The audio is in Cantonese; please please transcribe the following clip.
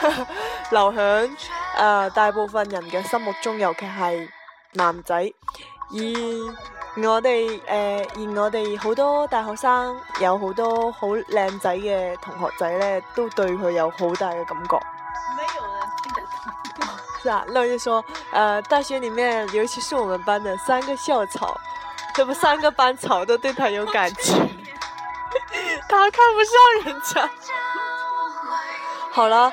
留喺誒、呃，大部分人嘅心目中，尤其係男仔。而我哋誒、呃，而我哋好多大學生有好多好靚仔嘅同學仔咧，都對佢有好大嘅感覺。沒有啊， 那我就說，誒、呃，大學裏面，尤其是我們班的三個校草，這不三個班草都對他有感覺， 他看不上人家。 好啦。